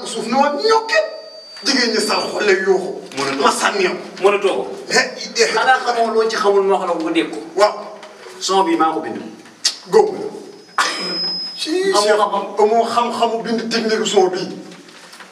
làkk suuf ne ma ñokke jigéen ñi sal xolle yuuxu ma sànniw mënatoo ko eh, xanaa xamoo loo ci xamul moo xam nga dégg ko waaw son bi maa ko bind góob si amoo xam-xamu bind technique son bi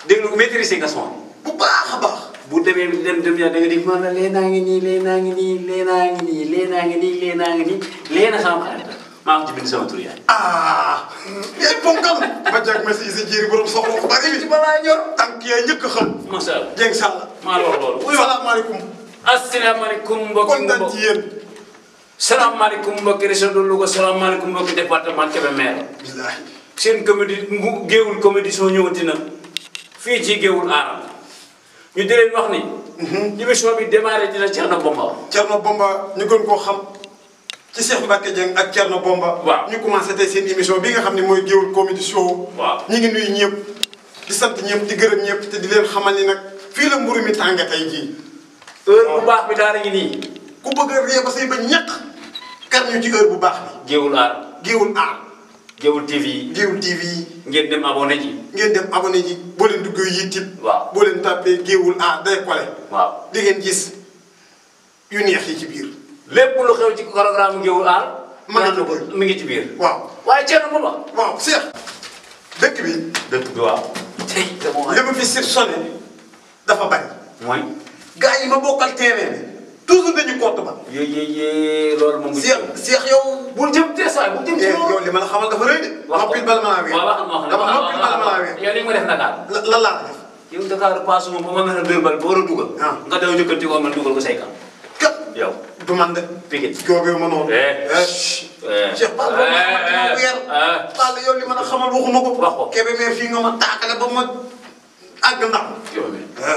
déglu maîtriser nga son bu baax a baax bu demee dem dem yaa da nga dégg ma lee naa ngi nii lee naa ngi nii lee naa ngi nii lee naa ngi nii lee naa ngi nii lee na sama xarit maa ngi ci bind sama tur yaay. ah. yaay ponkal. ba jag ma si si jiir borom soxla ko bari. ci balaa ñor. tànk yaa njëkk a xam. macha allah Dieng Sall. maa la wax loolu. salaamaaleykum. asalaamaaleykum mbokki kontaan ci yéen. salaamaaleykum mbokki région de Louga salaamaaleykum mbokki département Kébémer. bilaay. seen comédie mu soo ñëwati na. fii ci géewul aaram. ñu di leen ni. Mhm. émission bi démarré dina Thierno Bamba. Thierno Bamba ñu gën koo xam. ci Cheikh Mbacke Dieng ak cierno Bomba. ñu commencé té seen émission bi nga xamni ne mooy Comedy Show. ñi ngi nuyu ñepp di sant ñepp di gëreem ñepp té di leen xamal ni nak fi la mburu mi tànga tay ji heure bu baax bi daara ngi ni ku bëgg a ba sey ba ñàkk kar ñu ci heure bu baax bi. Géewul ar Géewul ar Géewul TV. Géewul TV. ngeen dem abonné ji. ngeen dem abonné ji bo leen duggee YouTube. bo leen tapé Géewul ar day kole. waaw di ngeen gis yu neex ci biir. lépp lu xew ci programme Ngéwul Aar. mën nañu ko mi ngi ci biir. waaw waaye Thierno Moula. waaw Cheikh. dëkk bi. dëkk bi waaw. tey dama li ma fi sir sonné dafa bari. mooy. gars yi ma bokkal terrain bi toujours dañu compte ba. yéyéyé loolu moom. Cheikh Cheikh yow. bul jëm teesaay bul jëm ci eh, yow li ma la xamal dafa rëy de. wax ko noppil bala ma laa wéer. dama noppil bala ma laa wéer. yow li nga def Dakar. lan laa def. yow Dakar paasuma ba ma mën a dugal ah. nga daw jëkkati ko man dugal ko say kan yow du man de. Pikine joobee ma noonu. Eh. Eh, eh. Cheikh Pall boobu maa ngi weer. Pall yow li ma la xamal waxuma ko. wax ko kebe mais fii nga ma taakale ba ma àgg ndax.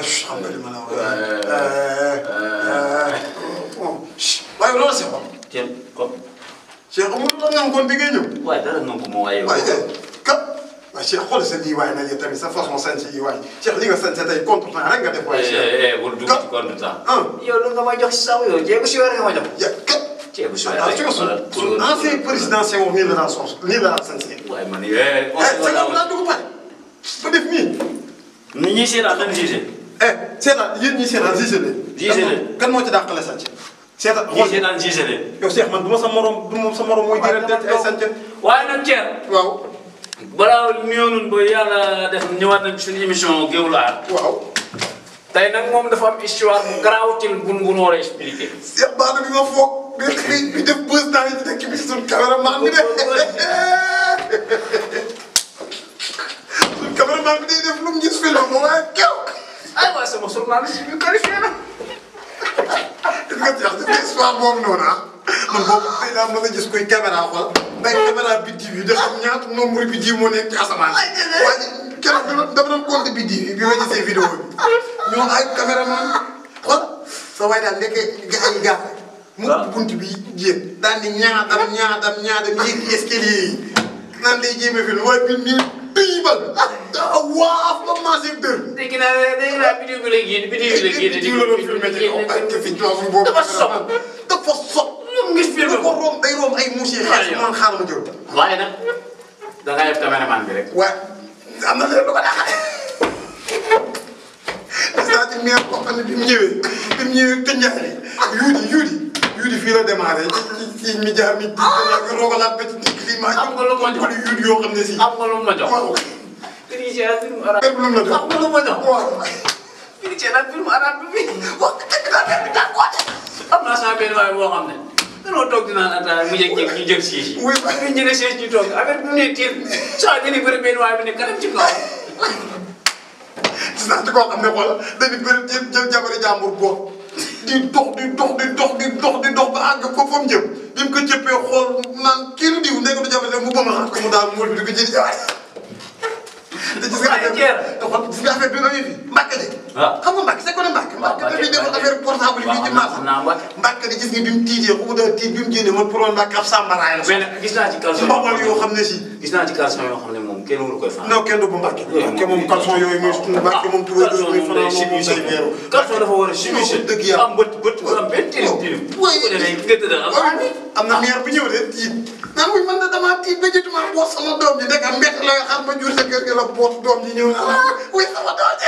xam nga li ma la wax. Oh, waaye loolu c'est bon. Cheikh ko. Cheikh amul la nga kon bi ngay ñëw. waaye dara nga ko ma waaye. waaye kat. waaye Cheikh xool sa jiwaay nañu tamit sa façon sañ si jiwaay Cheikh li nga sañ sa tey contre temps rek nga def. waaye Cheikh eh, eh, wul dugg ci contre temps. yow lu nga may jox si sama yow jéegu si weer nga ma jox. ya kat. jéegu si weer rek voilà suñu ancien président Senghor nii la daan sos nii la daan sañ si. waaye man yee. Senghor laa dugg pare ba def nii. ni ñuy seetaan dañu gisee. Eh, seetaan yéen ñuy seetaan gisee leen. gisee leen kan moo ci dàqale sañ si. seetaan xool gisee naan gisee leen. yow Cheikh man du ma sa morom du ma sa morom mooy. waaw waaye nag Thierno waaw. balaa ñëwoon ba yàlla def ñëwaat nañ suñu émission Géoul Art. waaw. tey nag moom dafa am histoire bu garaawatil bu bu noor expliqué. Cheikh Bara bi ma foog. bi bi def buzz naa ci dëkk bi suñu cameraman bi de. suñu cameraman bi day def lu mu gis fi la mu waaye kew. ay waay sama journaliste bi qualifié na. est-ce que Cheikh def histoire boobu noonu ah. man boobu xëy naa mën a gis kuy caméra xool. nday caméra biddiw yi da xam ñaata nombre biddiw moo nekk ci asamaan waaye keroog dama dama doon compte biddiw yi bi ma gisee vidéo bi ñoom ay caméraman xool sa waay daal nekkee ay gaaf mu bunt bi jéem daal di ñaadam ñaadam ñaadam yéeg escalier yi naan day jéeme fi waaye bi nii tëy ba waaf ba maasee dër dégg naa dégg naa biddiw bi la génn biddiw bi la génn biddiw la doon filmé ci kaw parce que fi dafa sopp dafa sopp gis film ko romb day romb ay monsieur xeex man xaar ma jël waaye nag da nga def caméraman bi rek waaw am na leen lu ko daaxal c'est-à-dire maire boo xam ne bi mu ñëwee bi mu ñëwee te ñaari yuudi yuudi yuudi fii la démarré ci ci mi jaar mi ci rogalaat ba ci digg li ma am nga lu ma jox yuudi yoo xam ne si am nga lu ma jox Krishna film arab am nga lu ma jox waaw Krishna film arab bi wax dëgg la benn tàngoor am naa sama benn waay boo xam ne danoo toog di naan ataaya mu yëg yëg ñu jël siis yi. muy ñu jëlee siis ñu toog affaire bi mu ne tiir soit dañuy bëri benn waaye bi ne kanam ci kaw. gis naa ci koo xam ne xoolal dañuy bëri jël jël jabari jàmbur boo di dox di dox di dox di dox di dox ba àgg ko fa mu jëm bi mu ko jëppee xool naan kenn diw nekk du jabari mu bëmalaat ko mu daal mu wër bi di ko jëli waay. te gis nga affaire bi te xool gis nga affaire bi nga fi mbàkk waaw ah. xam nga Mbacke c'est que Mbacke. waaw Mbacke bi defoon affaire portable bi ci marché. Mbacke di gis nga bi mu tiitee ku doon tiit bi mu génne man pour woon Mbacke ab sàmbaraay la. mais nag gis naa ci caleçon yoo xam ne si. gis naa ci caleçon yoo xam ne moom kenn waru koy fanaan. non kenn du bu Mbacke. Mbacke moom caleçon yooyu mooy suñu Mbacke moom. tubaab yooyu mooy fanaan moom moom day weeru. caleçon dafa war a chimiser dëgg yàlla am bët bët bu am benn tilim tilim. am na meer bu ñëw de tiit naan muy man de damaa tiit ba jotuma boot sama doom ji nekk am mbett la xam ba jur sa kër gi la boot doom ji ñëw na la wuy sama doom ji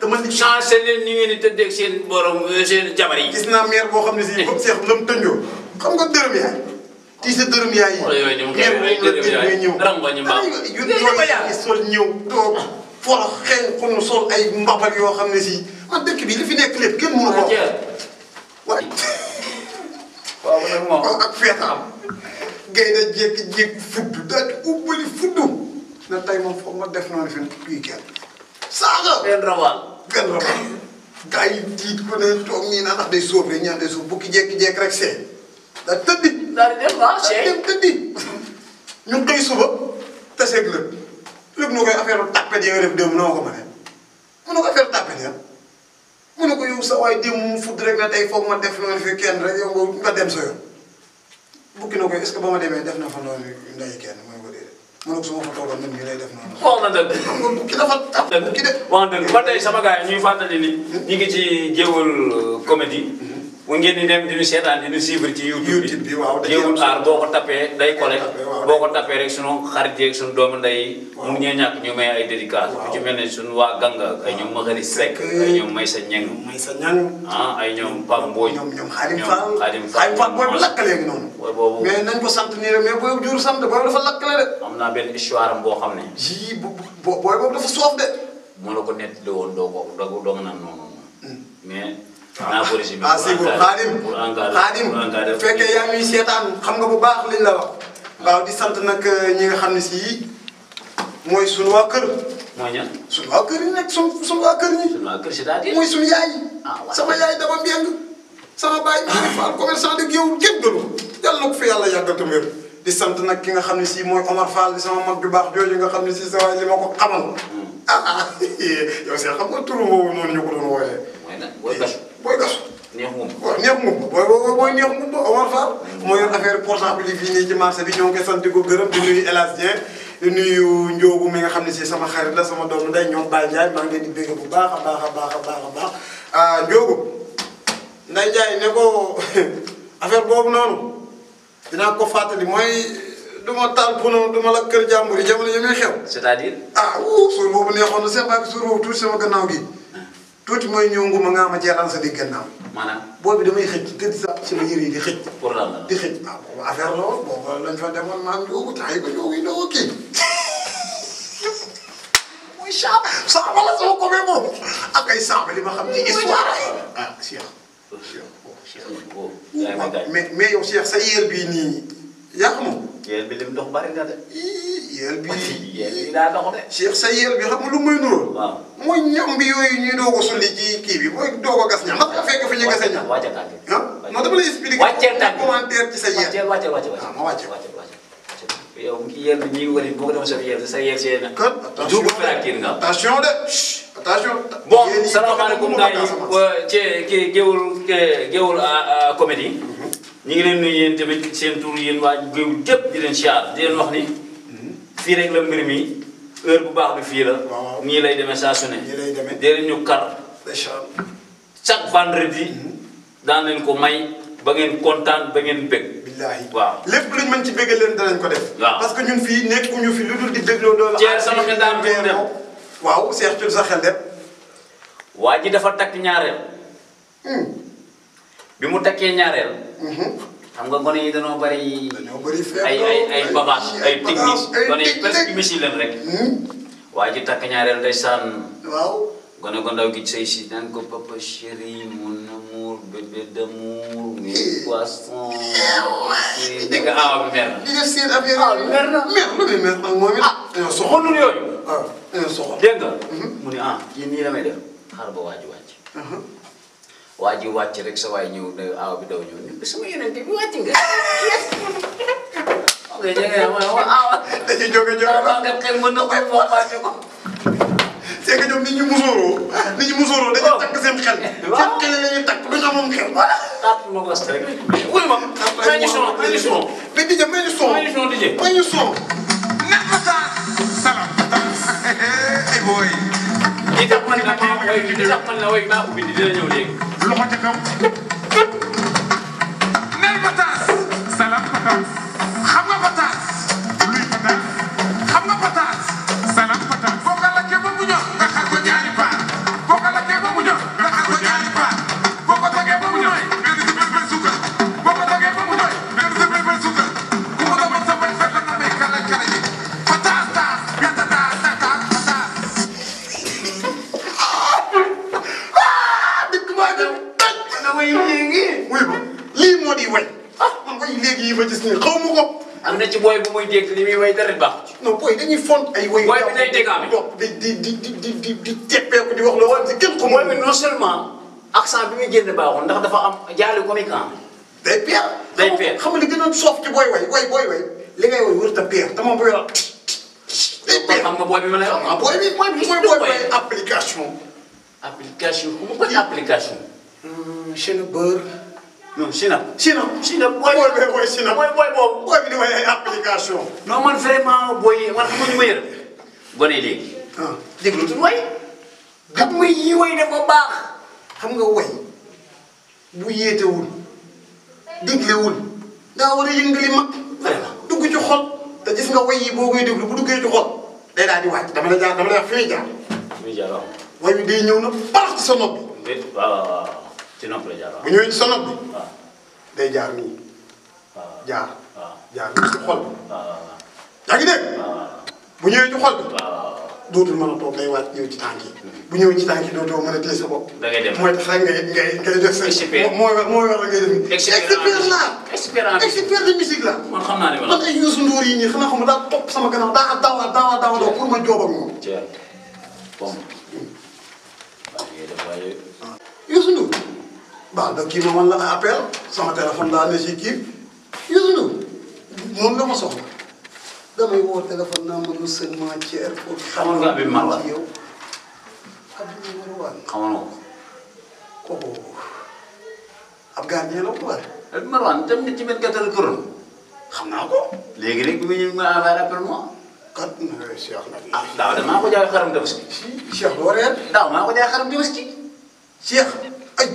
te man changé leen ni ngeen di tëddeeg seen borom euh, seen jabar yi. gis naa maire boo xam ne si comme Cheikh la mu tënjoo xam nga dërëm yaay tii sa dërëm yaay yi. maire boobu la tëj ngay ñëw. ñu sol ñëw toog foro xeeñ xunu sol ay mbabal yoo xam ne si man dëkk bi li fi nekk lépp kenn mënu ko. waaye. waaw nag moom ak feetaam. gaynde jékki jékki fudd daal ubbali fudd na tey moom ma def noonu fi kii kenn. saaga. benn rawal benn rawal. gars yi tiit ku ne toog nii naan ndax day sóob rek ñaan day bukki jékki-jékki rek see. da tëddi. daal di dem tëddi. ñu xëy suba taseeg lëb lëb nu koy affaire tàppet ya nga def na ko yow sa waaye démb mu fudd rek na tey foog ma def noonu fi kenn rek yow nga dem sa bukki na ko est ba ma demee def na fa noonu ndaje kenn. ma ne ko su ma fa toogoon ñun ñu lay def noonu. wax na dëgg. kon bukki dafa tax bukki de. wax dëgg ba tey sama gars yi ñuy fàttali ni ñu ngi ci jéewal euh, comédie. Hmm. bu ngeen di dem di ñu seetaan di ñu suivre ci YouTube bi waaw Jéewul Aar boo ko tapee day collé boo ko tapee rek sunu xarit yeeg sunu doomu ndey mun a ñàkk ñu may ay dédicace ku ci mel ne sunu waa Ganga ay ñoom Makhari Seck ay a Maysa Ñeng Maysa Ñeng ah ay ñoom Pape Mbodj ñoom ñoom Xaadim Fall Xaadim Fall booy bu ah. lakk léegi noonu mais nañ ko sant nii rek mais booy jur sant boo xam ne ji booy boobu dafa soof de la ko nett li woon doo ko doo nga noonu hmm. mais naa ko résumé ah si bu xaadim xaadim bu fekkee yaa ngi seetaan xam nga bu baax liñ la wax. waaw di sant nag eh, ñi nga xam ne sii mooy sunu waa kër. mooy ñan sunu waa kër nekk sunu sunu waa kër yi. sunu waa ah, sama yaay dama mbeng sama baay maa ngi faal yow gépp dëgg yàlla ko fi yàlla yàggal te di sant nag ki nga xam ne si mooy Omar Fall di sama mag ju baax jooju nga xam ne si sa waay li ma ko xamal. Hmm. ah ah yow see xam nga turu boobu noonu ñu ko doon wooyee. booy gas. neex ngumba waaw neex ngumba booy booy booy neex ngumba Omar affaire portable yi fii nii ci marché bi ñoo ngi mi nga xam ne si sama xarit la sama doomu day ñoom Baye Ndiaye maa ngi di bëgg bu baax a baax a baax a baax a baax ah Ndiogu Ndeye Ndiaye ne ko boobu noonu dinaa ko fàttali mooy du ma taal pono du ma la kër jàmbur yi jamono yi muy xew. c'est-à-dire. ah wuu suur boobu neexoon na seen bàq suur boobu gannaaw gi. tuuti mooy ñëw nguma nga ma jeexal sa digg gannaaw. maanaam boobu damay xëcc ci ma yëre yi di xëcc. pour lan la di xëcc waaw ah, affaire la woon boobu lañ fa demoon maam yoogu taay ko yoogu yoogu kii. muy saaba saaba la sama ko bee moom saaba li ma xam ci histoire ah mais mais yow Cheikh sa bii nii yaa moom. yéel bi lim ndox bari na de. yéel bi yéel bi daa dox de. Cheikh sa yéel bi xam nga lu muy nuróol. waaw mooy ñam bi yooyu ñuy doog a sulli ci kii bi mooy doog a gas ñam. waaw waaw fekk fi ñu gasee ñam. wàcce tànk ah non dama lay expliquer. wàcce tànk commentaire ci sa yéel. wàcce wàcce wàcce ah, ma wàcce wàcce wàcce. yow yéel bi ñuy wëri boo ko defoon sa yéel sa yéel see na. kon attention double fracture nga. attention de. attention bon salaamaaleykum gars yi ci géewul géewul ah, ah, comédie ñu ngi leen nuyu yéen tamit seen tur yéen waa Géewul gépp di leen siyaar di leen wax ni fii rek la mbir mi heure bu baax bi fii la. ñii lay demee saa su ne. nii lay demee dee leen ñu kar. chaque vendredi. daan leen ko may ba ngeen kontaan ba ngeen bëgg. waaw lépp luñ ci bëgg leen danañ ko def. waaw parce que ñun fii nekkuñu fi lu dul di dégloo doole. ceeb sama xel daal di dem waaw Cheikh Thiel sa xel dem. waa ji dafa takk ñaareel. Hmm. bi mu tekkee ñaareel xam nga gone yi bari ay ay ay babas ay technique gone yi presque missile leen rek waa tak takk ñaareel day sànn waaw gone ko ndaw gi sëy si naan ko papa chéri mon amour bébé d'amour mes poissons nekk awa bi mer na def seen affaire awa bi mer na mer lu bi mer nag moom ah dañoo soxol nun yooyu ah dañoo soxol nga mu ah yéen nii damay def xaar ba waa ji waa ji wàcc rek sa waay ñëw ne aw bi daw ñëw ñun de sama yonent bi wàcc nga. ok jege na ma ne ma mën na ko moom wàcce ko. c'est que ñoom nit ñu musooroo. nit ñu musooroo dañuy takk seen xel. seen takk du ñu amoon xel. voilà taatu ma gos rek. wuy ma may ñu son may ñu son. mais Dijé may ñu son. may ñu son Dijé. may ñu waaye di na way léegi. wuy ma lii moo di way. ah man way léegi yi ma gis nii xaw ma ko. am na ci booy bu muy dégg li muy way dara baax. non booy dañuy font ay. way booy bi day dégg amee di di di di di di teppeeku di wax loo xam si kenn ko. booy bi non seulement accent bi muy génn baaxul ndax dafa am jaaree comique day peer. day peer xam nga li gën a soof ci booy way way booy way li ngay way wërta peer dama booy la. day peer xam nga booy bi ma lay wax. booy bi booy bi application. application bu ma bëri application. Sinap euh, Beur. non Sinap. Sinap Sinap booy. booy bee booy Sinap booy booy boobu. booy bi di may ay application. non man vraiment booy yi man xamuñu ma yër. gone léegi. ah déglu tuuti way. xam nga yii way dafa baax. xam nga way bu yéetewul déglewul daa war a yëngali mag vraiment dugg ci xol te gis nga way yi boo koy déglu bu duggee ci xol day daal di wàcc dama la jaar dama la jaar fi muy jaar. muy jaar waaw. way bi day ñëw na baax ci sa nopp bi. waaw waaw ci nopp la jaar bu ñëwee ci sa nopp bi. day jaar nii. jaar. jaar nii ci xol bi. yaa ngi dégg. bu ñëwee ci xol bi. dootul mën a toog day wàcc ñëw ci tànk yi. bu ñëwee ci tànk yi dootoo mën a téye sa bopp. da ngay dem mooy tax rek ngay ngay ngay def sa. expérience mooy mooy war a ngay def. expérience la expérience expert de musique la. man xam naa ne man ay Youssou Ndour yi ñii xanaa xam nga daa topp sama gànnaaw daa daawa daawa daawa pour ma joob ak moom. baal ba kii ma la appel sama téléphone laa ne si kii yooyu noonu moom la ma soxla damay woo téléphone naa ma lu sën maa ci airport. xamal nga bi ko. kooku ab gardien la ko war. ak Marwan tam nit ci benn gàttal këram. xam naa ko. léegi rek bi ñu ma envoyé rappel moi. kat Cheikh nag. ah daaw ko jaay xaram tabaski. Cheikh ko jaay xaram Cheikh.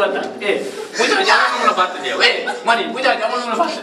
갔다. 예. 무장 야물로 봤더니 왜? 많이 무장 야물로 봤더니.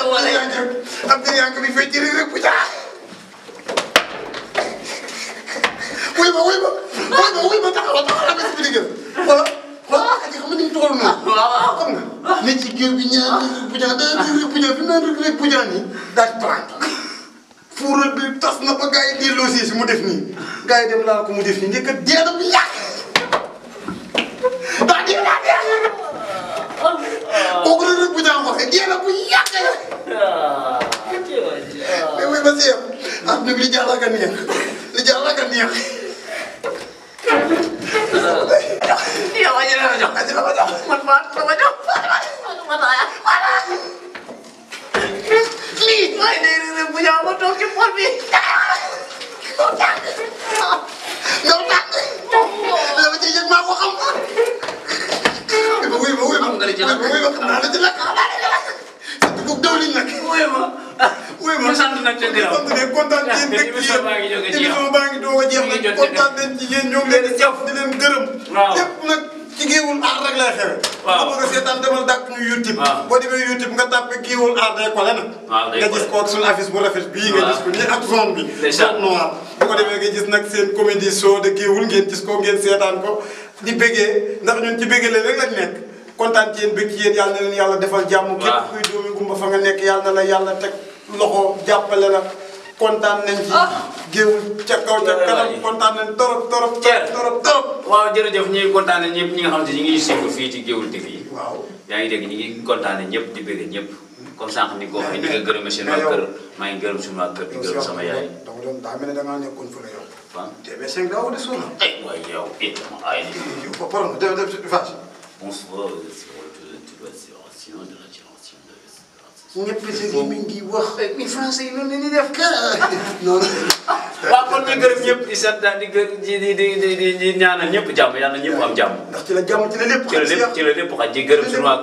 Abdul Yankı. Abdul Yankı bir fecirlik bıçak. Uyuma uyuma. Uyuma uyuma taxawal taxawal nga ci digël. Wala wala xati xam ni tool na. Waaw xam nga. Ni ci gëw bi ñaan bujaan da ci bujaan bi naan rek bujaan ni daaj plante. Fuural bi tas na ba gaay delo ci mu def ni. Gaay dem laal ko mu def ni ñëk dee na bi jéem a bu yàq mais wuy ma si am dëgg li jaaxal ka neex li jaaxal ka neex. yow a jëlee ma jox a jëlee ma jox man maa dina ma jox ma taaya voilà lii mooy déedéet bu ñaaw ma toog ci xol bi. doo tàkk doo tàkk dama ciy yëg maa ko xam. wuy ma wuy ma wuy ma xam naa la ci la yéen dëkk yéen émission baa ngi doog a jeex nag kontaan nañ ci boo ko seetaan demal dàkk ñu YouTube boo demee YouTube nga tàppe géewul aar day kole ko ak suñu affiche bu rafet bii nga gis ko nii ak zone bi zone noire bu ko demee nga gis nag seen comédie show de géewul ngeen gis ko ngeen seetaan ko di béggee ndax ñun ci béggee rek lañ nekk kontaan ci yéen bëgg ci yéen yàlla na leen yàlla defal jàmm képp kuy doomi gumba fa nga nekk yàlla na la yàlla teg loxo jàppale la kontaan nañ ci. géewul ca kaw ca kanam kontaan nañ torop torop torop torop waaw jërëjëf ñuy kontaan nañ ñëpp ñi nga xam te ñi ngi siiwul fii ci géewul TV yi waaw yaa ngi dégg ñi ngi kontaan nañ ñëpp di bëgg ñëpp comme sànq ni ko waxee ñi nga gërëm seen waa kër maa ngi gërëm suñu waa kër di gërëm sama yaay donc daa mel ne da ngaa nekkoon fa la yow waaw TV5 daa wute suuna ay waay yow it ay bonsoir ñëpp gis nañu ñu wax. mais français yi noonu la ñuy def kàlla. noonu. waaw kon ñu gërëm ñëpp di sant di gërëm di di di di ñaanal ñëpp jàmm yàlla ñëpp am jàmm. ndax ci la jàmm ci la lépp. xaj ci la lépp ci la lépp xaj ci gërëm sunu waa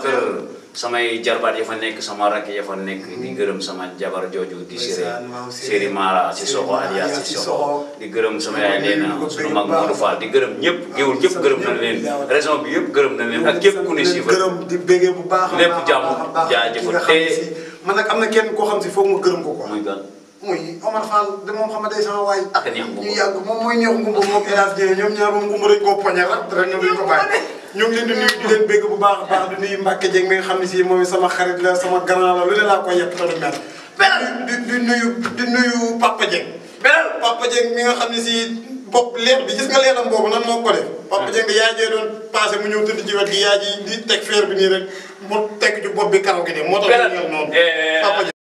samay jarbaat ya fa nekk sama rakk ya fa nekk di gërëm sama jabar jooju di séré séri Mara si soxo alias si soxo di gërëm sama yaay leena sunu mag Modou Fall di gërëm ñëpp géwul yëpp gërëm nañ leen raison bi yëpp gërëm nañ leen ak képp ku ne si gërëm di bégee bu baax lépp jàmm jaajëfal te man nag am na kenn koo xam si foog mu gërëm ko quoi muy gan muy Omar Fall de moom xam nga day sama waay ak ñu yàgg moom mooy ñëw ngumba moom El Hadj Dieng ñoom ñaar moom ngumba dañ koo poñe rek rek ñu duñ ko bàyyi ñoom ngi leen di nuyu di leen bëgg bu baax a baax di nuyu Mbacke Dieng mi nga xam ne si moom sama xarit la sama grand la lu ne laa koy yëpp toolu mel. di di nuyu di nuyu Papa Dieng. beneen Papa Dieng nga xam ne si bopp leer bi gis nga boobu nan moo ko def. Papa Dieng yaay jee doon passé mu ñëw tëdd ci wet gi yaay ji di teg feer bi nii rek mu teg ci bopp bi karaw gi de moo tax. beneen noonu eh, eh, eh. Papa Dieng